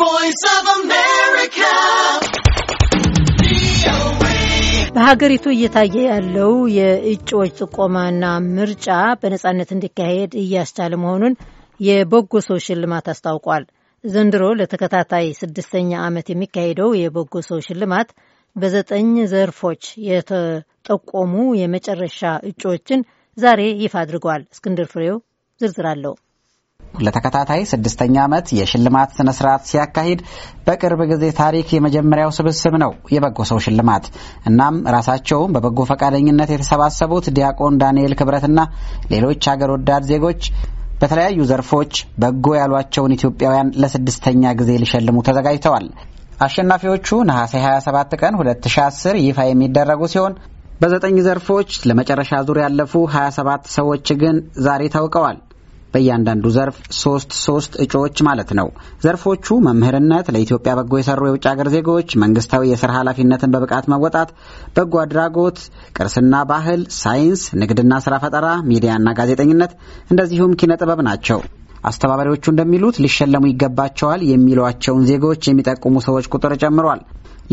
voice በሀገሪቱ እየታየ ያለው የእጩዎች ጥቆማና ምርጫ በነጻነት እንዲካሄድ እያስቻለ መሆኑን የበጎ ሰው ሽልማት አስታውቋል። ዘንድሮ ለተከታታይ ስድስተኛ ዓመት የሚካሄደው የበጎ ሰው ሽልማት በዘጠኝ ዘርፎች የተጠቆሙ የመጨረሻ እጩዎችን ዛሬ ይፋ አድርጓል። እስክንድር ፍሬው ዝርዝር አለው። ለተከታታይ ስድስተኛ ዓመት የሽልማት ስነ ስርዓት ሲያካሂድ በቅርብ ጊዜ ታሪክ የመጀመሪያው ስብስብ ነው የበጎ ሰው ሽልማት። እናም ራሳቸውም በበጎ ፈቃደኝነት የተሰባሰቡት ዲያቆን ዳንኤል ክብረትና ሌሎች ሀገር ወዳድ ዜጎች በተለያዩ ዘርፎች በጎ ያሏቸውን ኢትዮጵያውያን ለስድስተኛ ጊዜ ሊሸልሙ ተዘጋጅተዋል። አሸናፊዎቹ ነሐሴ 27 ቀን 2010 ይፋ የሚደረጉ ሲሆን በዘጠኝ ዘርፎች ለመጨረሻ ዙር ያለፉ 27 ሰዎች ግን ዛሬ ታውቀዋል። በእያንዳንዱ ዘርፍ ሶስት ሶስት እጩዎች ማለት ነው። ዘርፎቹ መምህርነት፣ ለኢትዮጵያ በጎ የሰሩ የውጭ ሀገር ዜጎች፣ መንግስታዊ የስራ ኃላፊነትን በብቃት መወጣት፣ በጎ አድራጎት፣ ቅርስና ባህል፣ ሳይንስ፣ ንግድና ስራ ፈጠራ፣ ሚዲያና ጋዜጠኝነት እንደዚሁም ኪነ ጥበብ ናቸው። አስተባባሪዎቹ እንደሚሉት ሊሸለሙ ይገባቸዋል የሚሏቸውን ዜጎች የሚጠቁሙ ሰዎች ቁጥር ጨምሯል።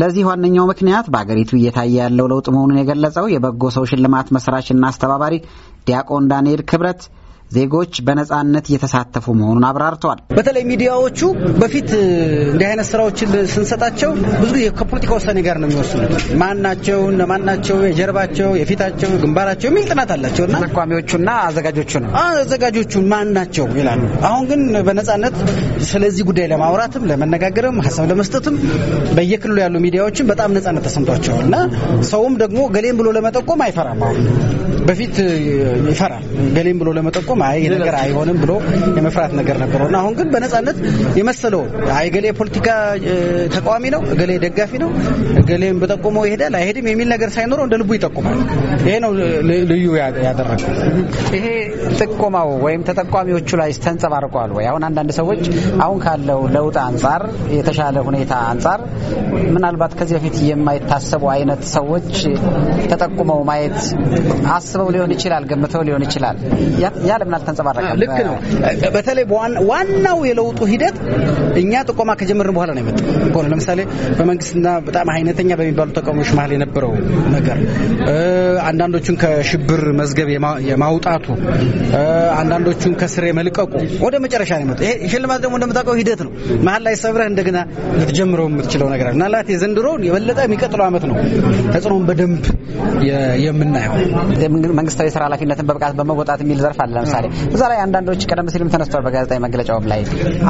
ለዚህ ዋነኛው ምክንያት በአገሪቱ እየታየ ያለው ለውጥ መሆኑን የገለጸው የበጎ ሰው ሽልማት መስራችና አስተባባሪ ዲያቆን ዳንኤል ክብረት ዜጎች በነጻነት እየተሳተፉ መሆኑን አብራርተዋል። በተለይ ሚዲያዎቹ በፊት እንዲህ አይነት ስራዎችን ስንሰጣቸው ብዙ ከፖለቲካ ውሳኔ ጋር ነው የሚወስኑት። ማናቸው እነማናቸው፣ የጀርባቸው፣ የፊታቸው፣ ግንባራቸው የሚል ጥናት አላቸው እና ተቋሚዎቹና አዘጋጆቹ ነው አዘጋጆቹ ማን ናቸው ይላሉ። አሁን ግን በነጻነት ስለዚህ ጉዳይ ለማውራትም ለመነጋገርም ሀሳብ ለመስጠትም በየክልሉ ያሉ ሚዲያዎችን በጣም ነጻነት ተሰምቷቸዋል እና ሰውም ደግሞ ገሌም ብሎ ለመጠቆም አይፈራም አሁን በፊት ይፈራል ገሌም ብሎ ለመጠቆም አይ ነገር አይሆንም ብሎ የመፍራት ነገር ነበረውና አሁን ግን በነጻነት የመሰለው አይ ገሌ ፖለቲካ ተቃዋሚ ነው፣ ገሌ ደጋፊ ነው፣ ገሌም በጠቆመው ይሄዳል አይሄድም የሚል ነገር ሳይኖረው እንደ ልቡ ይጠቁማል። ይሄ ነው ልዩ ያደረገው። ይሄ ጥቆማው ወይም ተጠቋሚዎቹ ላይ ተንጸባርቋል ወይ? አሁን አንዳንድ ሰዎች አሁን ካለው ለውጥ አንጻር የተሻለ ሁኔታ አንጻር ምናልባት ከዚህ በፊት የማይታሰቡ አይነት ሰዎች ተጠቁመው ማየት አስ አስበው ሊሆን ይችላል፣ ገምተው ሊሆን ይችላል። ያ ለምን አልተንጸባረቀም? ልክ ነው። በተለይ ዋናው የለውጡ ሂደት እኛ ጥቆማ ከጀመርን በኋላ ነው የመጣው እኮ ለምሳሌ በመንግስትና በጣም አይነተኛ በሚባሉ ተቃዋሚዎች መሀል የነበረው ነገር፣ አንዳንዶቹን ከሽብር መዝገብ የማውጣቱ፣ አንዳንዶቹን ከስር የመልቀቁ ወደ መጨረሻ ነው የመጣው። ይሄ ሽልማት ደግሞ እንደምታውቀው ሂደት ነው። መሀል ላይ ሰብረህ እንደገና ልትጀምረው የምትችለው ነገር አለ። ምናልባት የዘንድሮውን የበለጠ የሚቀጥለው አመት ነው ተጽዕኖውን በደንብ የምናየው። መንግስታዊ ስራ ኃላፊነትን በብቃት በመወጣት የሚል ዘርፍ አለ። ለምሳሌ እዛ ላይ አንዳንዶች ቀደም ሲልም ተነስቷል በጋዜጣዊ መግለጫውም ላይ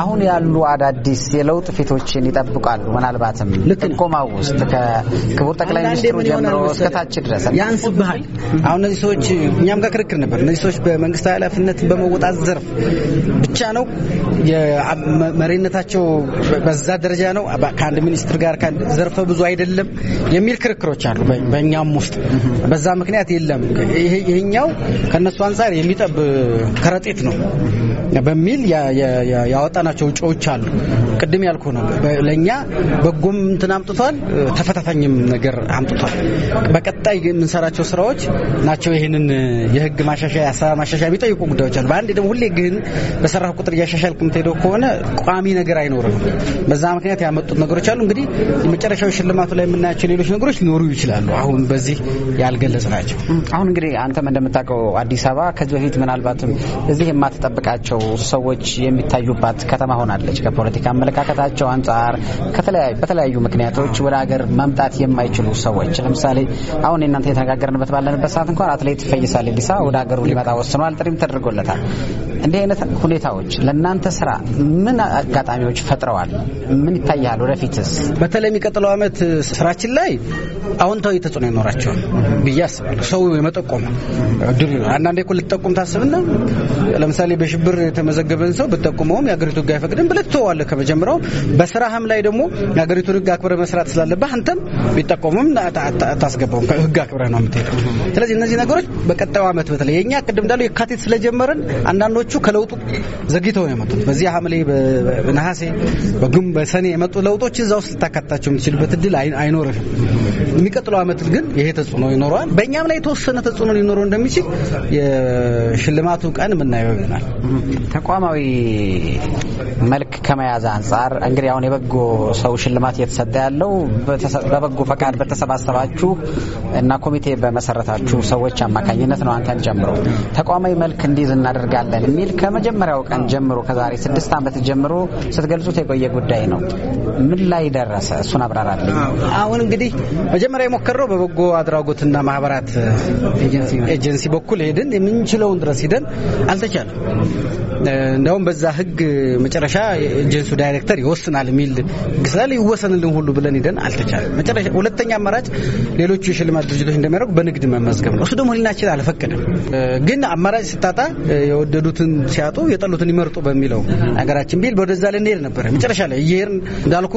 አሁን ያሉ አዳዲስ የለውጥ ፊቶችን ይጠብቃሉ። ምናልባትም ጥቆማው ውስጥ ከክቡር ጠቅላይ ሚኒስትሩ ጀምሮ እስከታች ድረስ ያንስብሃል። አሁን እነዚህ ሰዎች እኛም ጋር ክርክር ነበር። እነዚህ ሰዎች በመንግስታዊ ኃላፊነትን በመወጣት ዘርፍ ብቻ ነው መሪነታቸው በዛ ደረጃ ነው ከአንድ ሚኒስትር ጋር ዘርፈ ብዙ አይደለም የሚል ክርክሮች አሉ በእኛም ውስጥ በዛ ምክንያት የለም ይሄኛው ከነሱ አንጻር የሚጠብ ከረጢት ነው በሚል ያወጣናቸው እጩዎች አሉ። ቅድም ያልኩ ነው ለእኛ በጎም እንትን አምጥቷል፣ ተፈታታኝም ነገር አምጥቷል። በቀጣይ የምንሰራቸው ስራዎች ናቸው። ይህንን የህግ ማሻሻያ አሰራር ማሻሻያ የሚጠይቁ ጉዳዮች አሉ። በአንድ ደግሞ ሁሌ ግን በሰራ ቁጥር እያሻሻልክ የምትሄደው ከሆነ ቋሚ ነገር አይኖርም። በዛ ምክንያት ያመጡት ነገሮች አሉ። እንግዲህ የመጨረሻዊ ሽልማቱ ላይ የምናያቸው ሌሎች ነገሮች ሊኖሩ ይችላሉ። አሁን በዚህ ያልገለጽ ናቸው። አሁን እንግዲህ እንግዲህ አንተም እንደምታውቀው አዲስ አበባ ከዚህ በፊት ምናልባትም እዚህ የማትጠብቃቸው ሰዎች የሚታዩባት ከተማ ሆናለች። ከፖለቲካ አመለካከታቸው አንጻር በተለያዩ ምክንያቶች ወደ ሀገር መምጣት የማይችሉ ሰዎች ለምሳሌ አሁን እናንተ የተነጋገርንበት ባለንበት ሰዓት እንኳን አትሌት ፈይሳ ሊለሳ ወደ ሀገሩ ሊመጣ ወስኗል። ጥሪም ተደርጎለታል። እንዲህ አይነት ሁኔታዎች ለእናንተ ስራ ምን አጋጣሚዎች ፈጥረዋል? ምን ይታያል? ወደፊትስ በተለይ የሚቀጥለው አመት ስራችን ላይ አዎንታዊ ተጽዕኖ ይኖራቸዋል ብዬ አስባለሁ። ሰው የመጠቆም ድል አንዳንዴ እኮ ልትጠቁም ታስብና ለምሳሌ በሽብር የተመዘገበን ሰው ብትጠቁመውም የአገሪቱ ህግ አይፈቅድም ብለህ ትተዋለህ። ከመጀመሪያው በስራህም ላይ ደግሞ የአገሪቱን ህግ አክብረህ መስራት ስላለብህ አንተም ቢጠቆምም አታስገባውም። ህግ አክብረህ ነው የምትሄደው። ስለዚህ እነዚህ ነገሮች በቀጣዩ አመት በተለይ የእኛ ቅድም እንዳለው የካቴት ስለጀመረን አንዳንዶቹ ብዙዎቹ ከለውጡ ዘግይተው ነው የመጡት። በዚህ ሐምሌ፣ በነሐሴ፣ በግም በሰኔ የመጡ ለውጦች እዛ ውስጥ ልታካትታቸው የምትችልበት እድል አይኖርህም። የሚቀጥለው ዓመት ግን ይሄ ተጽዕኖ ይኖረዋል። በእኛም ላይ የተወሰነ ተጽዕኖ ሊኖረው እንደሚችል የሽልማቱ ቀን የምናየው ይሆናል። ተቋማዊ መልክ ከመያዝ አንጻር እንግዲህ አሁን የበጎ ሰው ሽልማት እየተሰጠ ያለው በበጎ ፈቃድ በተሰባሰባችሁ እና ኮሚቴ በመሰረታችሁ ሰዎች አማካኝነት ነው አንተን ጨምሮ ተቋማዊ መልክ እንዲይዝ እናደርጋለን በሚል ከመጀመሪያው ቀን ጀምሮ ከዛሬ ስድስት ዓመት ጀምሮ ስትገልጹት የቆየ ጉዳይ ነው። ምን ላይ ደረሰ? እሱን አብራራልኝ። አሁን እንግዲህ መጀመሪያ የሞከረው በበጎ አድራጎትና ማህበራት ኤጀንሲ በኩል ሄድን። የምንችለውን ድረስ ሄደን አልተቻለም። እንደውም በዛ ህግ መጨረሻ ኤጀንሲው ዳይሬክተር ይወስናል የሚል ህግ ስላለ ይወሰንልን ሁሉ ብለን ሄደን አልተቻለም። መጨረሻ ሁለተኛ አማራጭ ሌሎቹ የሽልማት ድርጅቶች እንደሚያደርጉ በንግድ መመዝገብ ነው። እሱ ደግሞ ህሊናችን አልፈቀደም። ግን አማራጭ ስታጣ የወደዱትን ያጡትን ሲያጡ የጠሉትን ይመርጡ በሚለው ሀገራችን ቢል ወደዛ ልንሄድ ነበር። መጨረሻ ላይ እየሄድን እንዳልኩ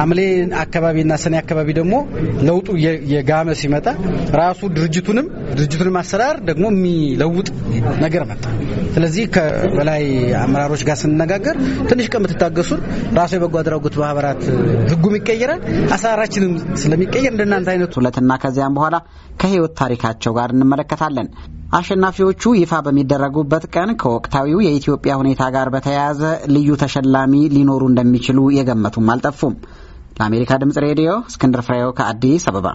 ሐምሌ አካባቢና ሰኔ አካባቢ ደግሞ ለውጡ የጋመ ሲመጣ ራሱ ድርጅቱንም ድርጅቱንም አሰራር ደግሞ የሚለውጥ ነገር መጣ። ስለዚህ ከበላይ አመራሮች ጋር ስንነጋገር ትንሽ ቀን ብትታገሱን ራሱ የበጎ አድራጎት ማህበራት ህጉም ይቀየራል፣ አሰራራችንም ስለሚቀየር እንደናንተ አይነቱ ሁለትና ከዚያም በኋላ ከህይወት ታሪካቸው ጋር እንመለከታለን። አሸናፊዎቹ ይፋ በሚደረጉበት ቀን ከወቅታዊው የኢትዮጵያ ሁኔታ ጋር በተያያዘ ልዩ ተሸላሚ ሊኖሩ እንደሚችሉ የገመቱም አልጠፉም። ለአሜሪካ ድምጽ ሬዲዮ እስክንድር ፍሬው ከአዲስ አበባ